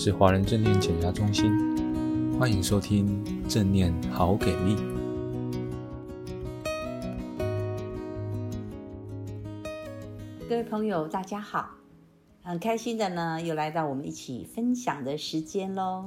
是華人正念減壓中心，歡迎收聽《正念好給力》。各位朋友，大家好，很開心的呢，又來到我們一起分享的時間嘍。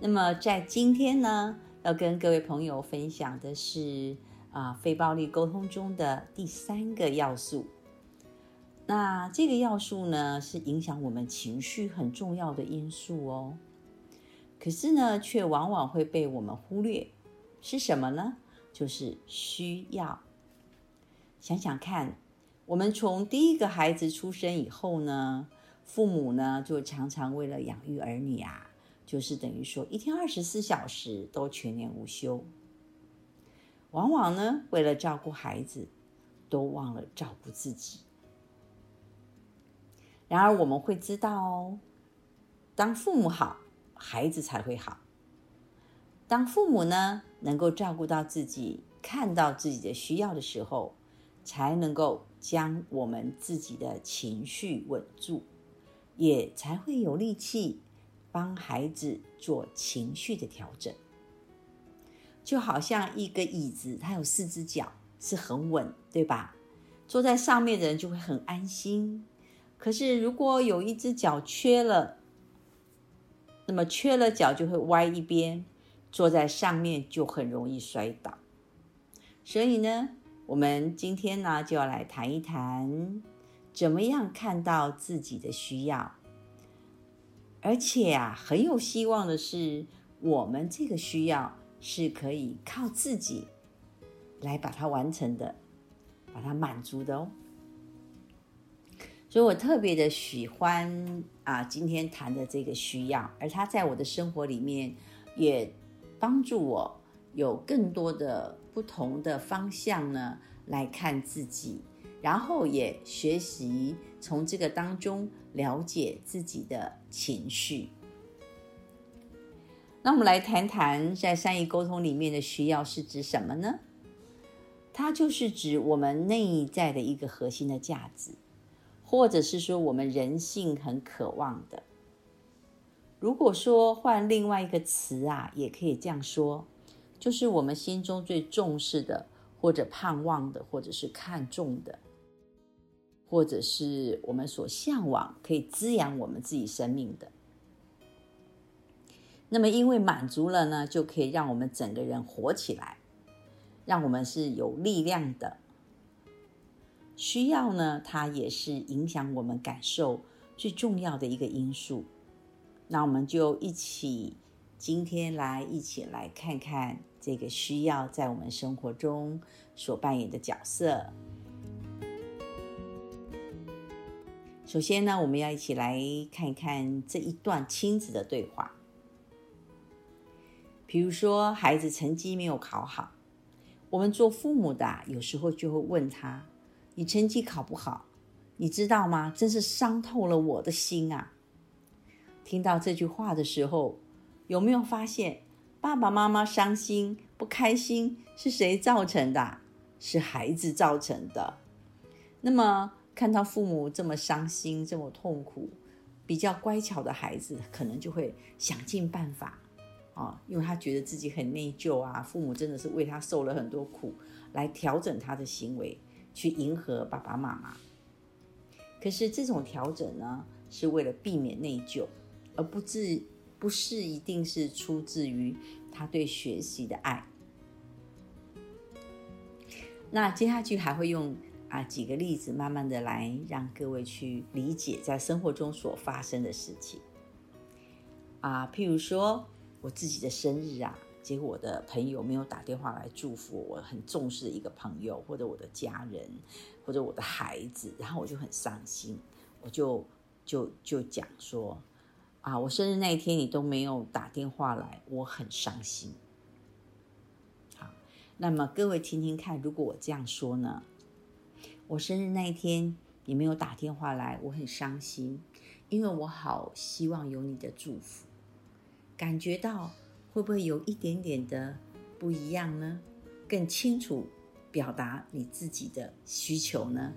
那麼，在今天呢，要跟各位朋友分享的是啊、呃，非暴力溝通中的第三個要素。那這個要素呢，是影響我們情緒很重要的因素哦。可是呢，卻往往會被我們忽略，是什麼呢？就是需要。想想看，我們從第一個孩子出生以後呢，父母呢就常常為了養育兒女啊，就是等於說一天二十四小時都全年無休。往往呢，為了照顧孩子，都忘了照顧自己。然而，我們會知道哦，當父母好，孩子才會好。當父母呢，能夠照顧到自己，看到自己的需要的時候，才能夠將我們自己的情緒穩住，也才會有力氣幫孩子做情緒的調整。就好像一個椅子，它有四隻腳，是很穩，對吧？坐在上面的人就會很安心。可是，如果有一隻腳缺了，那麼缺了腳就會歪一邊，坐在上面就很容易摔倒。所以呢，我們今天呢就要來談一談，怎麼樣看到自己的需要。而且啊，很有希望的是，我們這個需要是可以靠自己來把它完成的，把它滿足的哦。所以，我特別的喜歡啊，今天談的這個需要，而它在我的生活裡面也幫助我有更多的不同的方向呢來看自己，然後也學習從這個當中了解自己的情緒。那我們來談談，在善意溝通裡面的需要是指什麼呢？它就是指我們內在的一個核心的價值。或者是說我們人性很渴望的，如果說換另外一個詞啊，也可以這樣說，就是我們心中最重視的，或者盼望的，或者是看重的，或者是我們所向往可以滋養我們自己生命的，那麼因為滿足了呢，就可以讓我們整個人活起來，讓我們是有力量的。需要呢，它也是影響我們感受最重要的一個因素。那我們就一起今天來一起來看看這個需要在我們生活中所扮演的角色。首先呢，我們要一起來看一看這一段親子的對話。比如說，孩子成績沒有考好，我們做父母的，有時候就會問他。你成績考不好，你知道嗎？真是傷透了我的心啊！聽到這句話的時候，有沒有發現爸爸媽媽傷心不開心是誰造成的？是孩子造成的。那麼看到父母這麼傷心、這麼痛苦，比較乖巧的孩子可能就會想盡辦法啊，哦，因為他覺得自己很內疚啊，父母真的是為他受了很多苦，來調整他的行為。去迎合爸爸媽媽，可是這種調整呢，是為了避免內疚，而不至，不是一定是出自於他對學習的愛。那接下去還會用啊幾個例子，慢慢的來讓各位去理解在生活中所發生的事情。啊，譬如說我自己的生日啊。結果我的朋友沒有打電話來祝福我，我很重視一個朋友，或者我的家人，或者我的孩子，然後我就很傷心，我就就就講說，啊，我生日那一天你都沒有打電話來，我很傷心。好，那麼各位聽聽看，如果我這樣說呢，我生日那一天你沒有打電話來，我很傷心，因為我好希望有你的祝福，感覺到。會不會有一點點的不一樣呢？更清楚表達你自己的需求呢？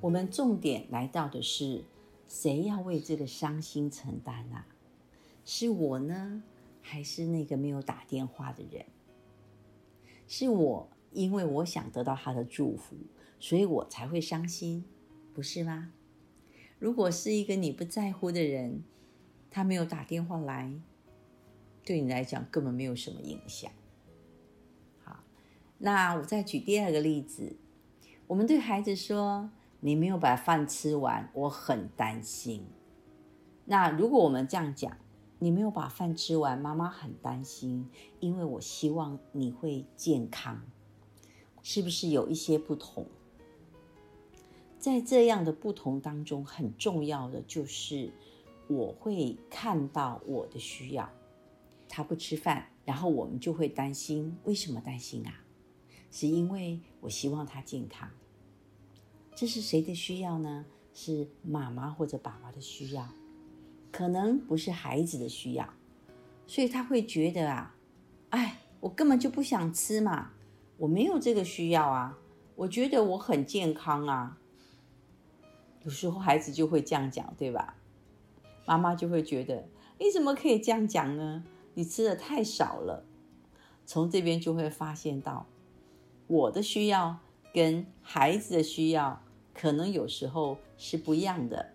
我們重點來到的是，誰要為這個傷心承擔啊？是我呢，還是那個沒有打電話的人？是我，因為我想得到他的祝福，所以我才會傷心，不是嗎？如果是一個你不在乎的人，他沒有打電話來，對你來講根本沒有什麼影響。好，那我再舉第二個例子，我們對孩子說：“你沒有把飯吃完，我很擔心。”那如果我們這樣講：“你沒有把飯吃完，媽媽很擔心，因為我希望你會健康。”是不是有一些不同？在這樣的不同當中，很重要的就是，我會看到我的需要。他不吃飯，然後我們就會擔心，為什麼擔心啊？是因為我希望他健康。這是誰的需要呢？是媽媽或者爸爸的需要，可能不是孩子的需要。所以他會覺得啊，哎，我根本就不想吃嘛，我沒有這個需要啊，我覺得我很健康啊。有時候孩子就會這樣講，對吧？媽媽就會覺得，你怎麼可以這樣講呢？你吃得太少了。從這邊就會發現到，我的需要跟孩子的需要可能有時候是不一樣的。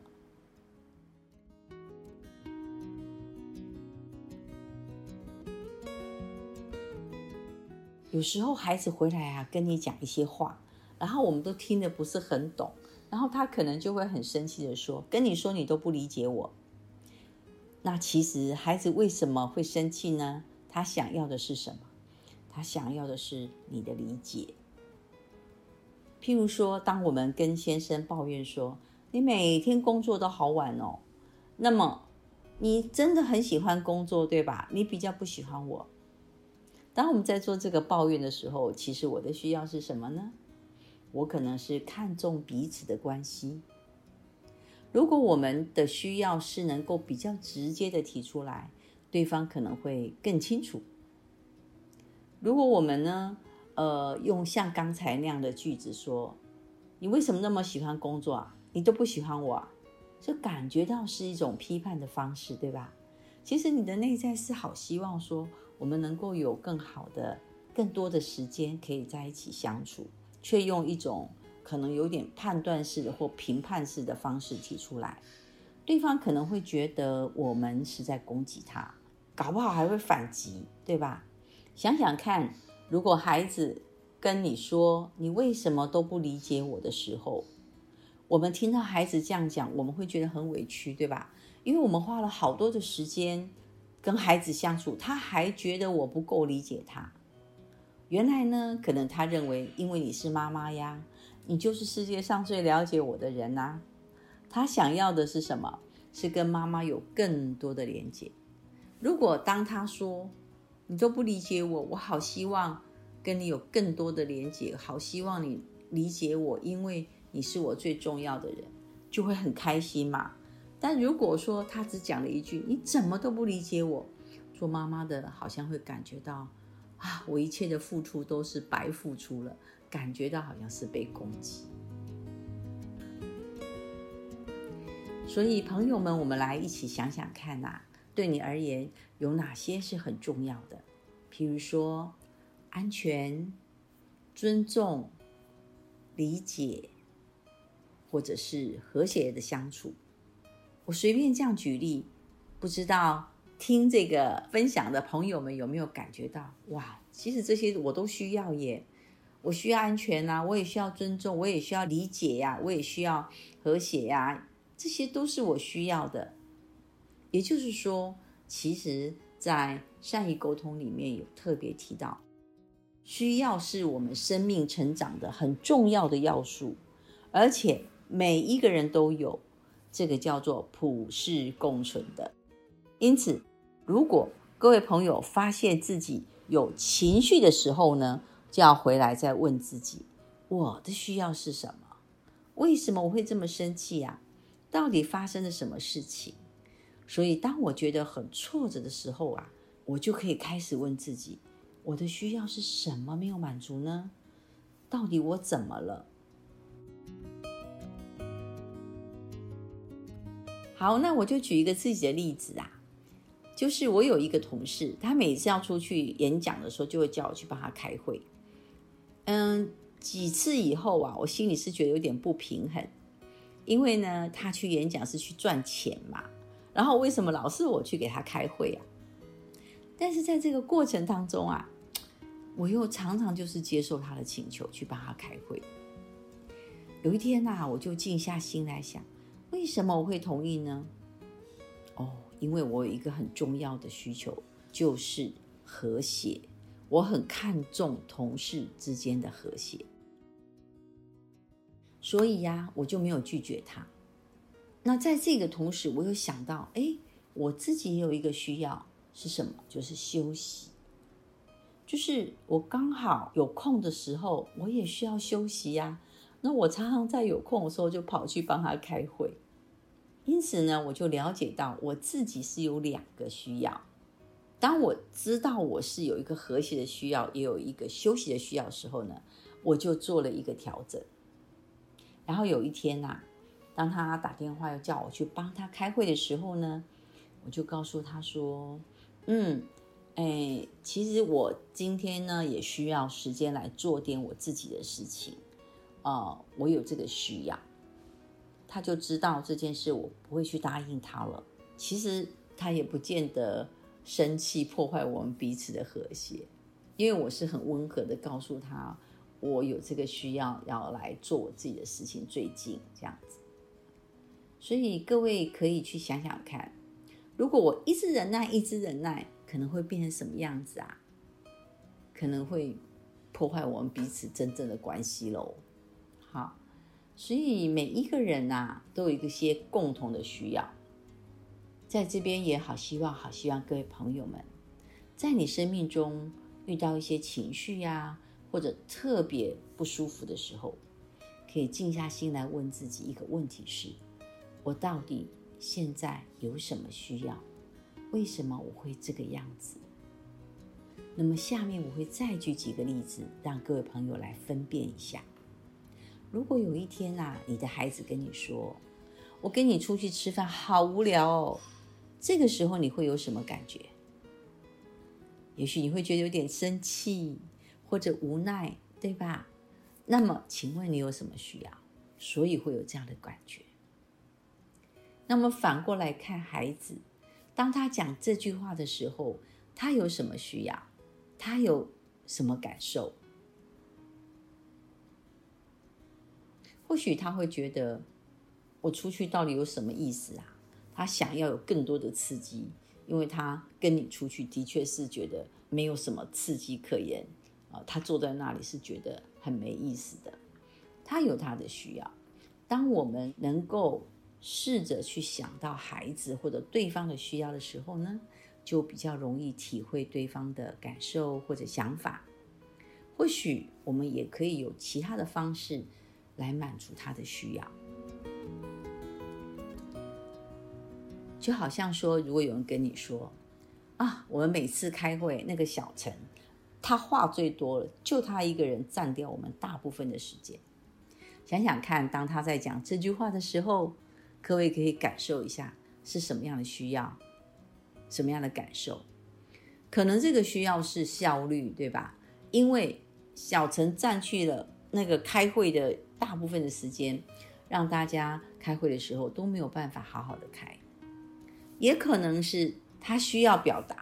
有時候孩子回來啊，跟你講一些話，然後我們都聽得不是很懂。然後他可能就會很生氣的說：“跟你說你都不理解我。”那其實孩子為什麼會生氣呢？他想要的是什麼？他想要的是你的理解。譬如說，當我們跟先生抱怨說：“你每天工作都好晚哦。”那麼，你真的很喜歡工作，對吧？你比較不喜歡我。當我們在做這個抱怨的時候，其實我的需要是什麼呢？我可能是看重彼此的關係。如果我們的需要是能夠比較直接的提出來，對方可能會更清楚。如果我們呢，呃，用像剛才那樣的句子說：“你為什麼那麼喜歡工作啊？你都不喜歡我啊？”就感覺到是一種批判的方式，對吧？其實你的內在是好希望說，我們能夠有更好的、更多的時間可以在一起相處。卻用一種可能有點判斷式的或評判式的方式提出來，對方可能會覺得我們是在攻擊他，搞不好還會反擊，對吧？想想看，如果孩子跟你說，你為什麼都不理解我的時候，我們聽到孩子這樣講，我們會覺得很委屈，對吧？因為我們花了好多的時間跟孩子相處，他還覺得我不夠理解他。原來呢，可能他認為，因為你是媽媽呀，你就是世界上最了解我的人吶啊。他想要的是什麼？是跟媽媽有更多的連接。如果當他說你都不理解我，我好希望跟你有更多的連接，好希望你理解我，因為你是我最重要的人，就會很開心嘛。但如果說他只講了一句你怎麼都不理解我，做媽媽的好像會感覺到。啊！我一切的付出都是白付出了，感覺到好像是被攻擊。所以，朋友們，我們來一起想想看吶、啊，對你而言有哪些是很重要的？譬如說，安全、尊重、理解，或者是和諧的相處。我隨便這樣舉例，不知道。聽這個分享的朋友們有沒有感覺到哇，其實這些我都需要耶，我需要安全吶、啊，我也需要尊重，我也需要理解呀、啊，我也需要和諧呀、啊，這些都是我需要的。也就是說，其實，在善意溝通裡面有特別提到，需要是我們生命成長的很重要的要素，而且每一個人都有這個叫做普世共存的，因此。如果各位朋友發現自己有情緒的時候呢，就要回來再問自己：我的需要是什麼？為什麼我會這麼生氣啊？到底發生了什麼事情？所以，當我覺得很挫折的時候啊，我就可以開始問自己：我的需要是什麼沒有滿足呢？到底我怎麼了？好，那我就舉一個自己的例子啊。就是我有一個同事，他每次要出去演講的時候，就會叫我去幫他開會。嗯，幾次以後啊，我心裡是覺得有點不平衡，因為呢，他去演講是去賺錢嘛，然後為什麼老是我去給他開會啊？但是在這個過程當中啊，我又常常就是接受他的請求去幫他開會。有一天吶，我就靜下心來想，為什麼我會同意呢？哦。因為我有一個很重要的需求，就是和諧，我很看重同事之間的和諧，所以呀，我就沒有拒絕他。那在這個同時，我又想到，哎，我自己也有一個需要是什麼？就是休息，就是我剛好有空的時候，我也需要休息呀。那我常常在有空的時候，就跑去幫他開會。因此呢，我就了解到我自己是有兩個需要。當我知道我是有一個和諧的需要，也有一個休息的需要的時候呢，我就做了一個調整。然後有一天吶、啊，當他打電話要叫我去幫他開會的時候呢，我就告訴他說：“嗯，哎，其實我今天呢也需要時間來做點我自己的事情，啊、哦，我有這個需要。”他就知道這件事，我不會去答應他了。其實他也不見得生氣，破壞我們彼此的和諧，因為我是很溫和的告訴他，我有這個需要要來做我自己的事情。最近這樣子，所以各位可以去想想看，如果我一直忍耐，一直忍耐，可能會變成什麼樣子啊？可能會破壞我們彼此真正的關係嘍。好。所以每一個人吶，都有一些共同的需要，在這邊也好，希望好希望各位朋友們，在你生命中遇到一些情緒呀，或者特別不舒服的時候，可以靜下心來問自己一個問題是，我到底現在有什麼需要？為什麼我會這個樣子？那麼下面我會再舉幾個例子，讓各位朋友來分辨一下。如果有一天啊，你的孩子跟你說：“我跟你出去吃飯好無聊哦。”這個時候你會有什麼感覺？也許你會覺得有點生氣或者無奈，對吧？那麼，請問你有什麼需要？所以會有這樣的感覺。那麼反過來看孩子，當他講這句話的時候，他有什麼需要？他有什麼感受？或許他會覺得，我出去到底有什麼意思啊？他想要有更多的刺激，因為他跟你出去的確是覺得沒有什麼刺激可言啊。他坐在那裡是覺得很沒意思的。他有他的需要。當我們能夠試着去想到孩子或者對方的需要的時候呢，就比較容易體會對方的感受或者想法。或許我們也可以有其他的方式。來滿足他的需要，就好像說，如果有人跟你說：“啊，我們每次開會，那個小陳他話最多了，就他一個人佔掉我們大部分的時間。”想想看，當他在講這句話的時候，各位可以感受一下是什麼樣的需要，什麼樣的感受？可能這個需要是效率，對吧？因為小陳佔去了那個開會的。大部分的時間，讓大家開會的時候都沒有辦法好好的開，也可能是他需要表達，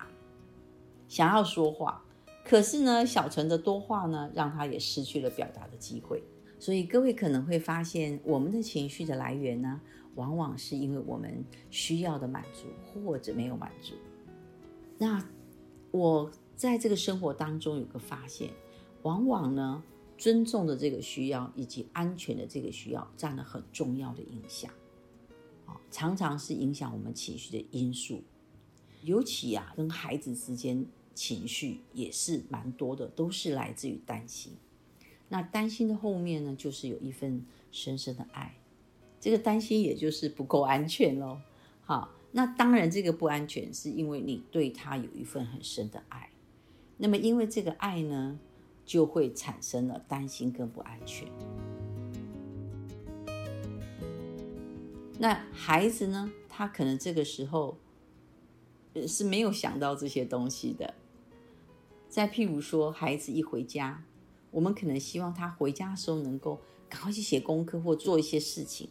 想要說話，可是呢，小陳的多話呢，讓他也失去了表達的機會。所以各位可能會發現，我們的情緒的來源呢，往往是因為我們需要的滿足或者沒有滿足。那我在這個生活當中有個發現，往往呢。尊重的這個需要以及安全的這個需要佔了很重要的影響，常常是影響我們情緒的因素。尤其啊，跟孩子之間情緒也是蠻多的，都是來自於擔心。那擔心的後面呢，就是有一份深深的愛，這個擔心也就是不夠安全嘍。好，那當然這個不安全是因為你對他有一份很深的愛，那麼因為這個愛呢。就會產生了擔心跟不安全。那孩子呢？他可能這個時候是沒有想到這些東西的。再譬如說，孩子一回家，我們可能希望他回家的時候能夠趕快去寫功課或做一些事情，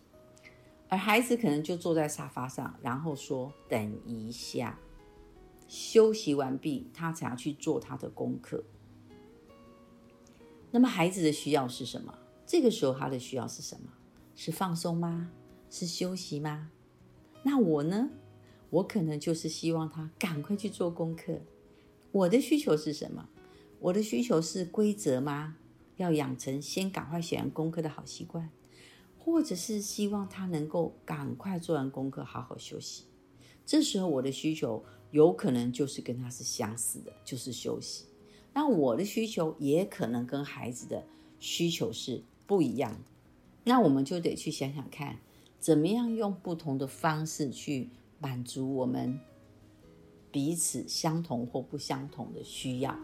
而孩子可能就坐在沙發上，然後說等一下，休息完畢，他才要去做他的功課。那麼孩子的需要是什麼？這個時候他的需要是什麼？是放鬆嗎？是休息嗎？那我呢？我可能就是希望他趕快去做功課。我的需求是什麼？我的需求是規則嗎？要養成先趕快寫完功課的好習慣，或者是希望他能夠趕快做完功課好好休息。這時候我的需求有可能就是跟他是相似的，就是休息。那我的需求也可能跟孩子的需求是不一樣，那我們就得去想想看，怎麼樣用不同的方式去滿足我們彼此相同或不相同的需要。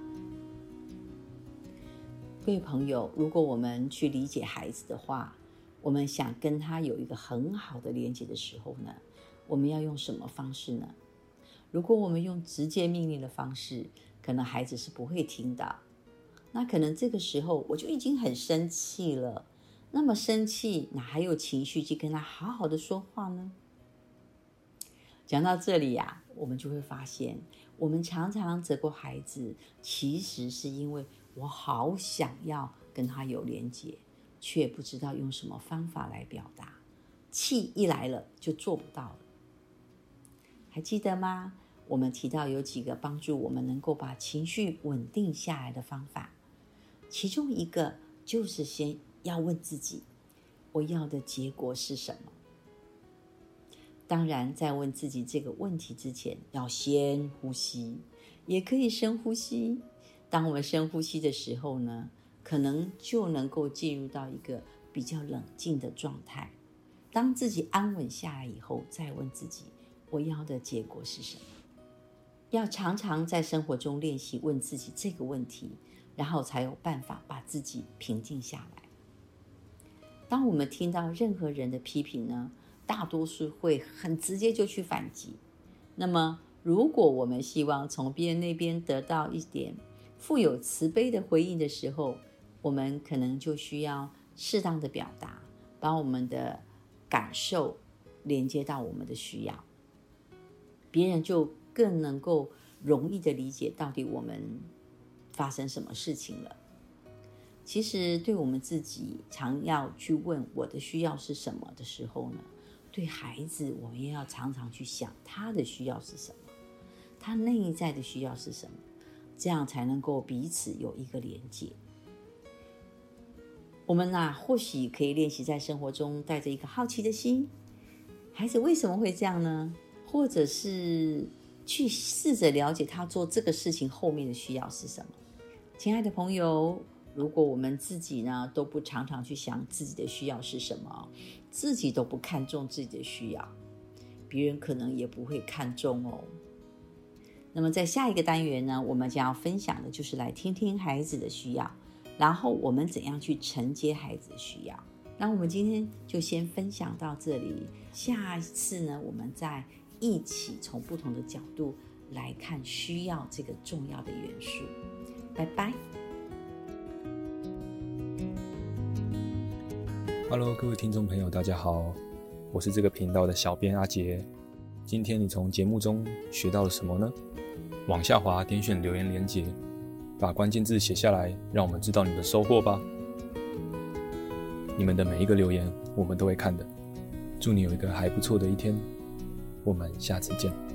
各位朋友，如果我們去理解孩子的話，我們想跟他有一個很好的連接的時候呢，我們要用什麼方式呢？如果我們用直接命令的方式。可能孩子是不會聽的，那可能這個時候我就已經很生氣了。那麼生氣哪還有情緒去跟他好好的說話呢？講到這裡呀、啊，我們就會發現，我們常常責怪孩子，其實是因為我好想要跟他有連接，卻不知道用什麼方法來表達。氣一來了就做不到了，還記得嗎？我們提到有幾個幫助我們能夠把情緒穩定下來的方法，其中一個就是先要問自己，我要的結果是什麼？當然，在問自己這個問題之前，要先呼吸，也可以深呼吸。當我們深呼吸的時候呢，可能就能夠進入到一個比較冷靜的狀態。當自己安穩下來以後，再問自己，我要的結果是什麼？要常常在生活中練習問自己這個問題，然後才有辦法把自己平靜下來。當我們聽到任何人的批評呢，大多數會很直接就去反擊。那麼，如果我們希望從別人那邊得到一點富有慈悲的回應的時候，我們可能就需要適當的表達，把我們的感受連接到我們的需要。別人就更能夠容易地理解到底我們發生什麼事情了。其實，對我們自己常要去問我的需要是什麼的時候呢，對孩子，我們也要常常去想他的需要是什麼，他內在的需要是什麼，這樣才能夠彼此有一個連接。我們啊，或許可以練習在生活中帶着一個好奇的心：孩子為什麼會這樣呢？或者是……去試着了解他做這個事情後面的需要是什麼。親愛的朋友，如果我們自己呢，都不常常去想自己的需要是什麼，自己都不看重自己的需要，別人可能也不會看重哦。那麼在下一個單元呢，我們將要分享的就是來聽聽孩子的需要，然後我們怎樣去承接孩子的需要。那我們今天就先分享到這裡，下一次呢，我們再。一起從不同的角度來看需要這個重要的元素。拜拜。Hello，各位聽眾朋友，大家好，我是這個頻道的小編阿杰。今天你從節目中學到了什麼呢？往下滑，點選留言鏈接，把關鍵字寫下來，讓我們知道你的收穫吧。你們的每一個留言，我們都會看的。祝你有一個還不錯的一天。我們下次見。